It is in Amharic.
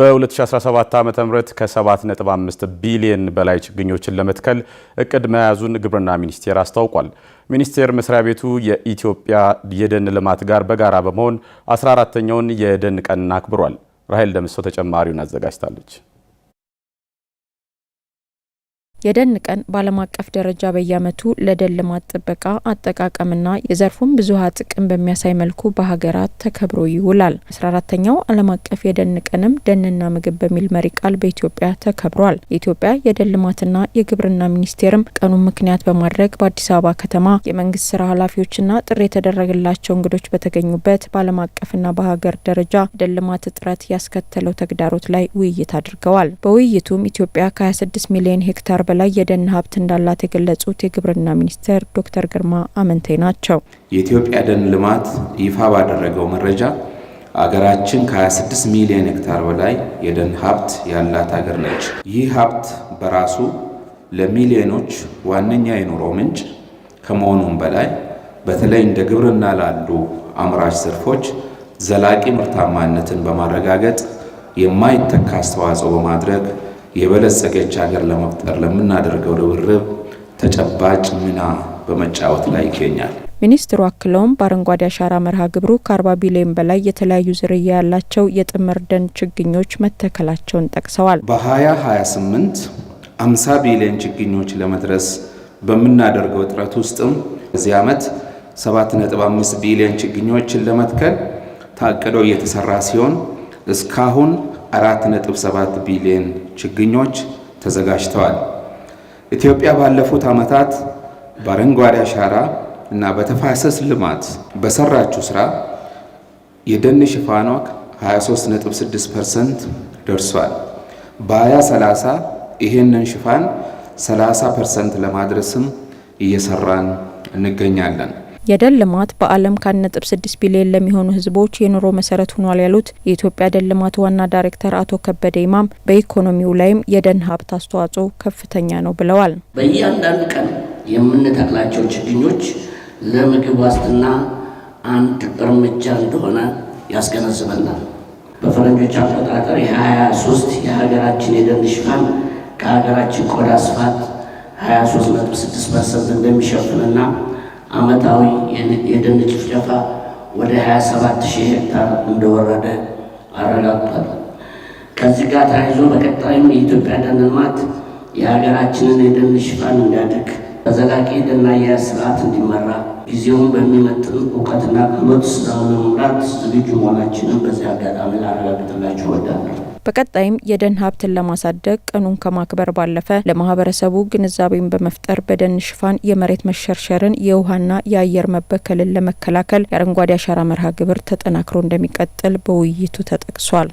በ2017 ዓ ም ከ7.5 ቢሊዮን በላይ ችግኞችን ለመትከል እቅድ መያዙን ግብርና ሚኒስቴር አስታውቋል። ሚኒስቴር መስሪያ ቤቱ የኢትዮጵያ የደን ልማት ጋር በጋራ በመሆን 14ተኛውን የደን ቀንን አክብሯል። ራሄል ደምሰው ተጨማሪውን አዘጋጅታለች። የደን ቀን በዓለም አቀፍ ደረጃ በየዓመቱ ለደን ልማት ጥበቃ አጠቃቀምና የዘርፉን ብዙሃ ጥቅም በሚያሳይ መልኩ በሀገራት ተከብሮ ይውላል። አስራ አራተኛው ዓለም አቀፍ የደን ቀንም ደንና ምግብ በሚል መሪ ቃል በኢትዮጵያ ተከብሯል። የኢትዮጵያ የደን ልማትና የግብርና ሚኒስቴርም ቀኑን ምክንያት በማድረግ በአዲስ አበባ ከተማ የመንግስት ስራ ኃላፊዎችና ጥሪ የተደረገላቸው እንግዶች በተገኙበት በዓለም አቀፍና በሀገር ደረጃ ደን ልማት እጥረት ያስከተለው ተግዳሮት ላይ ውይይት አድርገዋል። በውይይቱም ኢትዮጵያ ከ26 ሚሊዮን ሄክታር በላይ የደን ሀብት እንዳላት የገለጹት የግብርና ሚኒስትር ዶክተር ግርማ አመንቴ ናቸው። የኢትዮጵያ ደን ልማት ይፋ ባደረገው መረጃ አገራችን ከ26 ሚሊዮን ሄክታር በላይ የደን ሀብት ያላት አገር ነች። ይህ ሀብት በራሱ ለሚሊዮኖች ዋነኛ የኑሮ ምንጭ ከመሆኑም በላይ በተለይ እንደ ግብርና ላሉ አምራች ዘርፎች ዘላቂ ምርታማነትን በማረጋገጥ የማይተካ አስተዋጽኦ በማድረግ የበለጸገች ሀገር ለመፍጠር ለምናደርገው ርብርብ ተጨባጭ ሚና በመጫወት ላይ ይገኛል። ሚኒስትሩ አክለውም በአረንጓዴ አሻራ መርሃ ግብሩ ከአርባ ቢሊዮን በላይ የተለያዩ ዝርያ ያላቸው የጥምር ደን ችግኞች መተከላቸውን ጠቅሰዋል። በ2028 50 ቢሊዮን ችግኞች ለመድረስ በምናደርገው ጥረት ውስጥም በዚህ ዓመት 7.5 ቢሊዮን ችግኞችን ለመትከል ታቅዶ እየተሰራ ሲሆን እስካሁን 4.7 ቢሊዮን ችግኞች ተዘጋጅተዋል። ኢትዮጵያ ባለፉት ዓመታት በአረንጓዴ አሻራ እና በተፋሰስ ልማት በሰራችው ስራ የደን ሽፋኗ 23.6 ፐርሰንት ደርሷል። በ2030 ይህንን ሽፋን 30 ፐርሰንት ለማድረስም እየሰራን እንገኛለን። የደን ልማት በዓለም ከ ነጥብ ስድስት ቢሊዮን ለሚሆኑ ህዝቦች የኑሮ መሰረት ሆኗል ያሉት የኢትዮጵያ ደን ልማት ዋና ዳይሬክተር አቶ ከበደ ይማም በኢኮኖሚው ላይም የደን ሀብት አስተዋጽኦ ከፍተኛ ነው ብለዋል። በእያንዳንድ ቀን የምንተክላቸው ችግኞች ለምግብ ዋስትና አንድ እርምጃ እንደሆነ ያስገነዝበናል። በፈረንጆች አቆጣጠር የ23 የሀገራችን የደን ሽፋን ከሀገራችን ቆዳ ስፋት 23.6 ፐርሰንት እንደሚሸፍንና ዓመታዊ የደን ጭፍጨፋ ወደ 27 ሺህ ሄክታር እንደወረደ አረጋግጧል። ከዚህ ጋር ተያይዞ በቀጣይም የኢትዮጵያ ደን ልማት የሀገራችንን የደን ሽፋን እንዲያድግ በዘላቂ ደና ስርዓት እንዲመራ ጊዜውን በሚመጥን እውቀትና ክህሎት ለመምራት ዝግጁ መሆናችንን በዚህ አጋጣሚ ላረጋግጥላችሁ እወዳለሁ። በቀጣይም የደን ሀብትን ለማሳደግ ቀኑን ከማክበር ባለፈ ለማህበረሰቡ ግንዛቤን በመፍጠር በደን ሽፋን የመሬት መሸርሸርን፣ የውሃና የአየር መበከልን ለመከላከል የአረንጓዴ አሻራ መርሃ ግብር ተጠናክሮ እንደሚቀጥል በውይይቱ ተጠቅሷል።